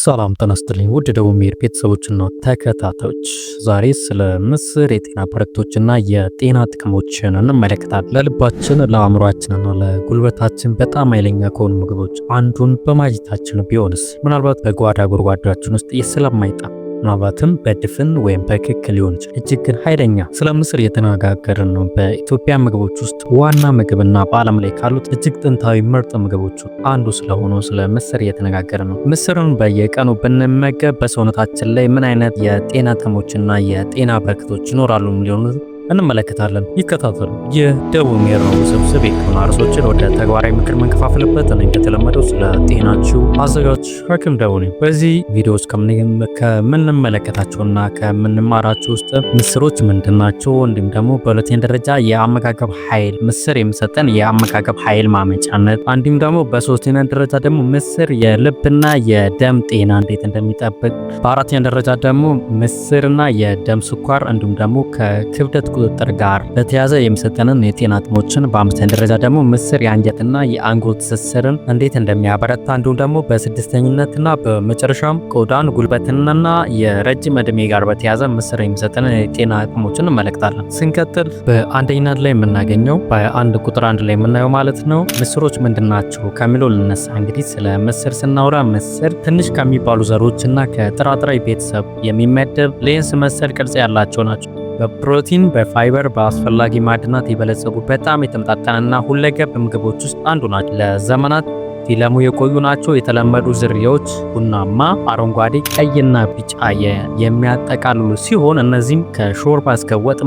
ሰላም ተነስተልኝ ውድ ደቡብ ሜድ ቤተሰቦችና ተከታታዮች፣ ዛሬ ስለ ምስር የጤና ፕሮዳክቶችና የጤና ጥቅሞችን እንመለከታለን። ለልባችን ለአእምሯችንና ለጉልበታችን በጣም ኃይለኛ ከሆኑ ምግቦች አንዱን በማግኘታችን ቢሆንስ? ምናልባት በጓዳ ጎድጓዳችን ውስጥ ስለማይጣ ምናልባትም በድፍን ወይም በክክ ሊሆን ይችላል። እጅግ ግን ኃይለኛ ስለ ምስር የተነጋገርን ነው። በኢትዮጵያ ምግቦች ውስጥ ዋና ምግብና በዓለም ላይ ካሉት እጅግ ጥንታዊ ምርጥ ምግቦች አንዱ ስለሆነው ስለ ምስር የተነጋገርን ነው። ምስርን በየቀኑ ብንመገብ በሰውነታችን ላይ ምን አይነት የጤና ጥቅሞችና የጤና በረከቶች ይኖራሉ የሚሆኑት እንመለከታለን። ይከታተሉ። የደቡብ ሜር ነው ውስብስብ የህክምና ርዕሶችን ወደ ተግባራዊ ምክር የምንከፋፍልበት እኔ እንደተለመደው ስለ ጤናችሁ አዘጋጅ ሐኪም ደቡብ ነኝ። በዚህ ቪዲዮ ውስጥ ከምንመለከታቸውና ከምንማራቸው ውስጥ ምስሮች ምንድናቸው፣ እንዲሁም ደግሞ በሁለተኛ ደረጃ የአመጋገብ ኃይል ምስር የሚሰጠን የአመጋገብ ኃይል ማመንጫነት፣ እንዲሁም ደግሞ በሶስተኛ ደረጃ ደግሞ ምስር የልብና የደም ጤና እንዴት እንደሚጠብቅ፣ በአራተኛ ደረጃ ደግሞ ምስርና የደም ስኳር እንዲሁም ደግሞ ከክብደት ቁጥጥር ጋር በተያዘ የሚሰጠንን የጤና አቅሞችን በአምስተኛ ደረጃ ደግሞ ምስር የአንጀትና የአንጎል ትስስርን እንዴት እንደሚያበረታ እንዲሁም ደግሞ በስድስተኝነትና በመጨረሻም ቆዳን ጉልበትንና የረጅም እድሜ ጋር በተያዘ ምስር የሚሰጠንን የጤና ጥቅሞችን እንመለከታለን። ስንቀጥል በአንደኝነት ላይ የምናገኘው በአንድ ቁጥር አንድ ላይ የምናየው ማለት ነው ምስሮች ምንድን ናቸው ከሚለው ልነሳ። እንግዲህ ስለ ምስር ስናወራ ምስር ትንሽ ከሚባሉ ዘሮችና ከጥራጥሬ ቤተሰብ የሚመደብ ሌንስ መሰል ቅርጽ ያላቸው ናቸው። በፕሮቲን በፋይበር በአስፈላጊ ማዕድናት የበለጸጉ በጣም የተመጣጠነና ሁለገብ ምግቦች ውስጥ አንዱ ናቸው። ለዘመናት ሲለሙ የቆዩ ናቸው። የተለመዱ ዝርያዎች ቡናማ፣ አረንጓዴ፣ ቀይና ቢጫ የሚያጠቃልሉ ሲሆን እነዚህም ከሾርባ እስከ ወጥ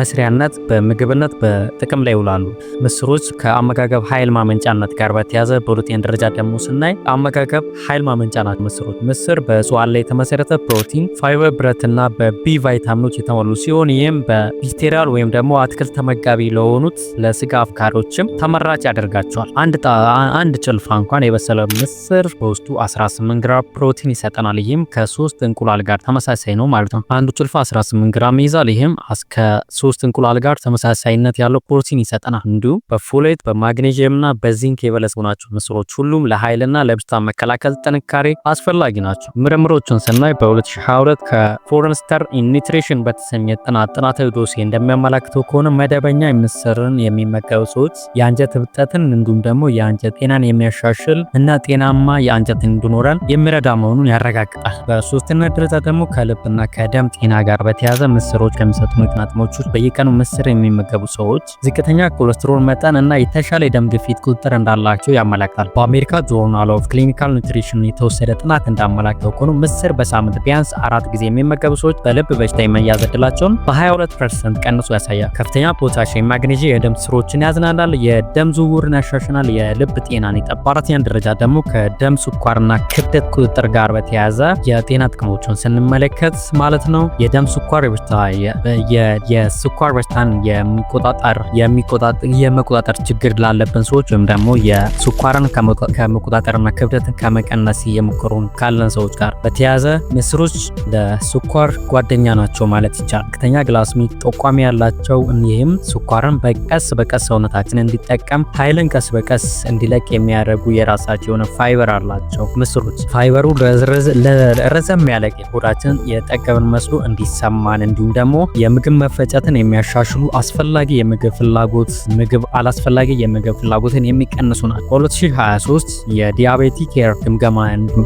መስሪያነት በምግብነት በጥቅም ላይ ይውላሉ። ምስሮች ከአመጋገብ ኃይል ማመንጫነት ጋር በተያዘ ፕሮቲን ደረጃ ደግሞ ስናይ አመጋገብ ኃይል ማመንጫ ናት። ምስሮች ምስር በእጽዋት ላይ የተመሰረተ ፕሮቲን፣ ፋይበር፣ ብረትና በቢ ቫይታሚኖች የተሞሉ ሲሆን ይህም በቪስቴሪያል ወይም ደግሞ አትክልት ተመጋቢ ለሆኑት ለስጋ አፍካሪዎችም ተመራጭ ያደርጋቸዋል። አንድ ጭልፋ እንኳን የበሰለ ምስር በውስጡ 18 ግራም ፕሮቲን ይሰጠናል። ይህም ከሶስት እንቁላል ጋር ተመሳሳይ ነው ማለት ነው። አንዱ ጭልፋ 18 ግራም ይይዛል። ይህም ከሶስት እንቁላል ጋር ተመሳሳይነት ያለው ፕሮቲን ይሰጠናል። እንዲሁም በፎሌት በማግኔዥየም በዚንክ የበለጸጉ ናቸው። ምስሮች ሁሉም ለኃይልና ለበሽታ መከላከል ጥንካሬ አስፈላጊ ናቸው። ምርምሮችን ስናይ በ2022 ከፎረንስተር ኒትሪሽን በተሰኘ ጥናት ጥናታዊ ዶሴ እንደሚያመላክተው ከሆነ መደበኛ ምስርን የሚመገቡ ሰዎች የአንጀት እብጠትን እንዲሁም ደግሞ የአንጀት ጤናን የሚያሻ እንዲያሻሽል እና ጤናማ የአንጀት እንዲኖረን የሚረዳ መሆኑን ያረጋግጣል። በሶስተኛ ደረጃ ደግሞ ከልብና ከደም ጤና ጋር በተያያዘ ምስሮች ከሚሰጡ ንጥረ በየቀኑ ምስር የሚመገቡ ሰዎች ዝቅተኛ ኮሌስትሮል መጠን እና የተሻለ የደም ግፊት ቁጥጥር እንዳላቸው ያመለክታል። በአሜሪካ ጆርናል ኦፍ ክሊኒካል ኑትሪሽን የተወሰደ ጥናት እንዳመላከተው ከሆኑ ምስር በሳምንት ቢያንስ አራት ጊዜ የሚመገቡ ሰዎች በልብ በሽታ የመያዝ በ22% ቀንሶ ያሳያል። ከፍተኛ ፖታሽም፣ ማግኔዥ የደም ስሮችን ያዝናናል፣ የደም ዝውውርን ያሻሽናል፣ የልብ ጤናን ይጠባል በአራተኛ ደረጃ ደግሞ ከደም ስኳርና ክብደት ቁጥጥር ጋር በተያያዘ የጤና ጥቅሞችን ስንመለከት ማለት ነው። የደም ስኳር በሽታ የስኳር በሽታን የሚቆጣጠር የመቆጣጠር ችግር ላለብን ሰዎች ወይም ደግሞ የስኳርን ከመቆጣጠርና ክብደትን ከመቀነስ የሞከሩን ካለን ሰዎች ጋር በተያያዘ ምስሮች ለስኳር ጓደኛ ናቸው ማለት ይቻላል። ዝቅተኛ ግላስሚ ጠቋሚ ያላቸው ይህም ስኳርን በቀስ በቀስ ሰውነታችን እንዲጠቀም ኃይልን ቀስ በቀስ እንዲለቅ የሚያደርግ የሚያደርጉ የራሳቸው የሆነ ፋይበር አላቸው ምስሎች። ፋይበሩ ረዘም ያለ ሆዳችን የጠገብን መስሎ እንዲሰማን እንዲሁም ደግሞ የምግብ መፈጨትን የሚያሻሽሉ አስፈላጊ የምግብ ፍላጎት ምግብ አላስፈላጊ የምግብ ፍላጎትን የሚቀንሱ ናቸው። በ2023 የዲያቤቲ ኬር ግምገማ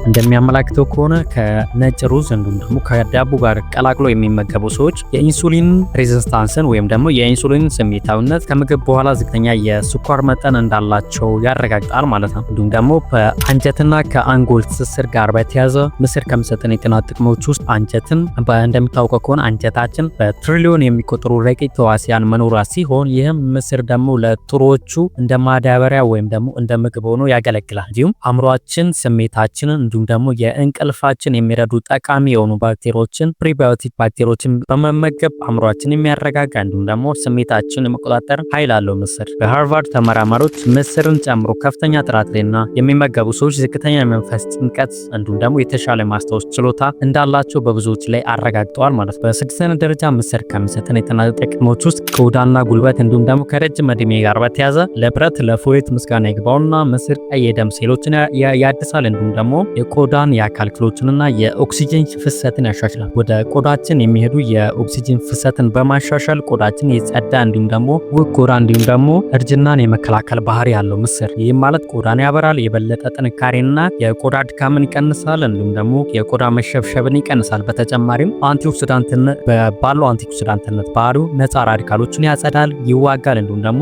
እንደሚያመላክተው ከሆነ ከነጭ ሩዝ እንዲሁም ደግሞ ከዳቦ ጋር ቀላቅሎ የሚመገቡ ሰዎች የኢንሱሊን ሬዚስታንስን ወይም ደግሞ የኢንሱሊን ስሜታዊነት ከምግብ በኋላ ዝቅተኛ የስኳር መጠን እንዳላቸው ያረጋግጣል ማለት ነው። ነው። እንዲሁም ደግሞ በአንጀትና ከአንጎል ትስስር ጋር በተያዘ ምስር ከሚሰጠን የጤና ጥቅሞች ውስጥ አንጀትን እንደሚታወቀው ከሆነ አንጀታችን በትሪሊዮን የሚቆጠሩ ረቂቅ ተዋሲያን መኖሯ ሲሆን ይህም ምስር ደግሞ ለጥሮቹ እንደ ማዳበሪያ ወይም ደግሞ እንደ ምግብ ሆኖ ያገለግላል። እንዲሁም አእምሯችን፣ ስሜታችንን እንዲሁም ደግሞ የእንቅልፋችን የሚረዱ ጠቃሚ የሆኑ ባክቴሪዎችን ፕሪባዮቲክ ባክቴሪዎችን በመመገብ አእምሯችን የሚያረጋጋ እንዲሁም ደግሞ ስሜታችን የመቆጣጠር ኃይል አለው ምስር። በሃርቫርድ ተመራማሪዎች ምስርን ጨምሮ ከፍተኛ ጥራት ዲስፕሊንና የሚመገቡ ሰዎች ዝቅተኛ የመንፈስ ጭንቀት እንዲሁም ደግሞ የተሻለ ማስታወስ ችሎታ እንዳላቸው በብዙዎች ላይ አረጋግጠዋል ማለት ነው። በስድስተኛ ደረጃ ምስር ከሚሰጠን የተናጠ ጥቅሞች ውስጥ ከቆዳና ጉልበት እንዲሁም ደግሞ ከረጅም እድሜ ጋር በተያዘ ለብረት ለፎይት ምስጋና ይግባውና ምስር ቀይ የደም ሴሎችን ያድሳል እንዲሁም ደግሞ የቆዳን የአካል ክፍሎችንና የኦክሲጅን ፍሰትን ያሻሽላል። ወደ ቆዳችን የሚሄዱ የኦክሲጅን ፍሰትን በማሻሻል ቆዳችን የጸዳ እንዲሁም ደግሞ ውብ ቆዳ እንዲሁም ደግሞ እርጅናን የመከላከል ባህሪ ያለው ምስር ይህም ማለት ቆዳን ያበራል፣ የበለጠ ጥንካሬና የቆዳ ድካምን ይቀንሳል። እንዲሁም ደግሞ የቆዳ መሸብሸብን ይቀንሳል። በተጨማሪም አንቲኦክሲዳንትነት ባለው አንቲኦክሲዳንትነት ባህሪው ነፃ ራዲካሎችን ያጸዳል፣ ይዋጋል። እንዲሁም ደግሞ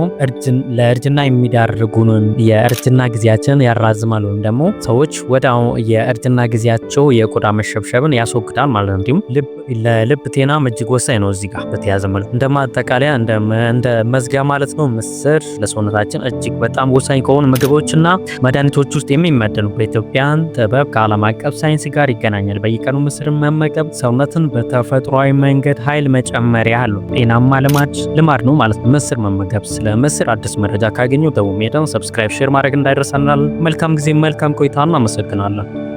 ለእርጅና የሚዳርጉንም የእርጅና ጊዜያችን ያራዝማል ወይም ደግሞ ሰዎች ወደ የእርጅና ጊዜያቸው የቆዳ መሸብሸብን ያስወግዳል ማለት ነው። እንዲሁም ለልብ ጤናም እጅግ ወሳኝ ነው። እዚህ ጋር በተያዘ መልኩ እንደ ማጠቃለያ እንደ መዝጊያ ማለት ነው ምስር ለሰውነታችን እጅግ በጣም ወሳኝ ከሆኑ ምግቦችና መድኃኒቶች ውስጥ የሚመደኑ በኢትዮጵያን ጥበብ ከዓለም አቀፍ ሳይንስ ጋር ይገናኛል። በየቀኑ ምስር መመገብ ሰውነትን በተፈጥሯዊ መንገድ ኃይል መጨመሪያ አሉ። ጤናማ ልማድ ልማድ ነው ማለት ነው ምስር መመገብ። ስለ ምስር አዲስ መረጃ ካገኘው ደቡ ሜዳን ሰብስክራይብ፣ ሼር ማድረግ እንዳይረሳናል። መልካም ጊዜ፣ መልካም ቆይታ። እናመሰግናለን።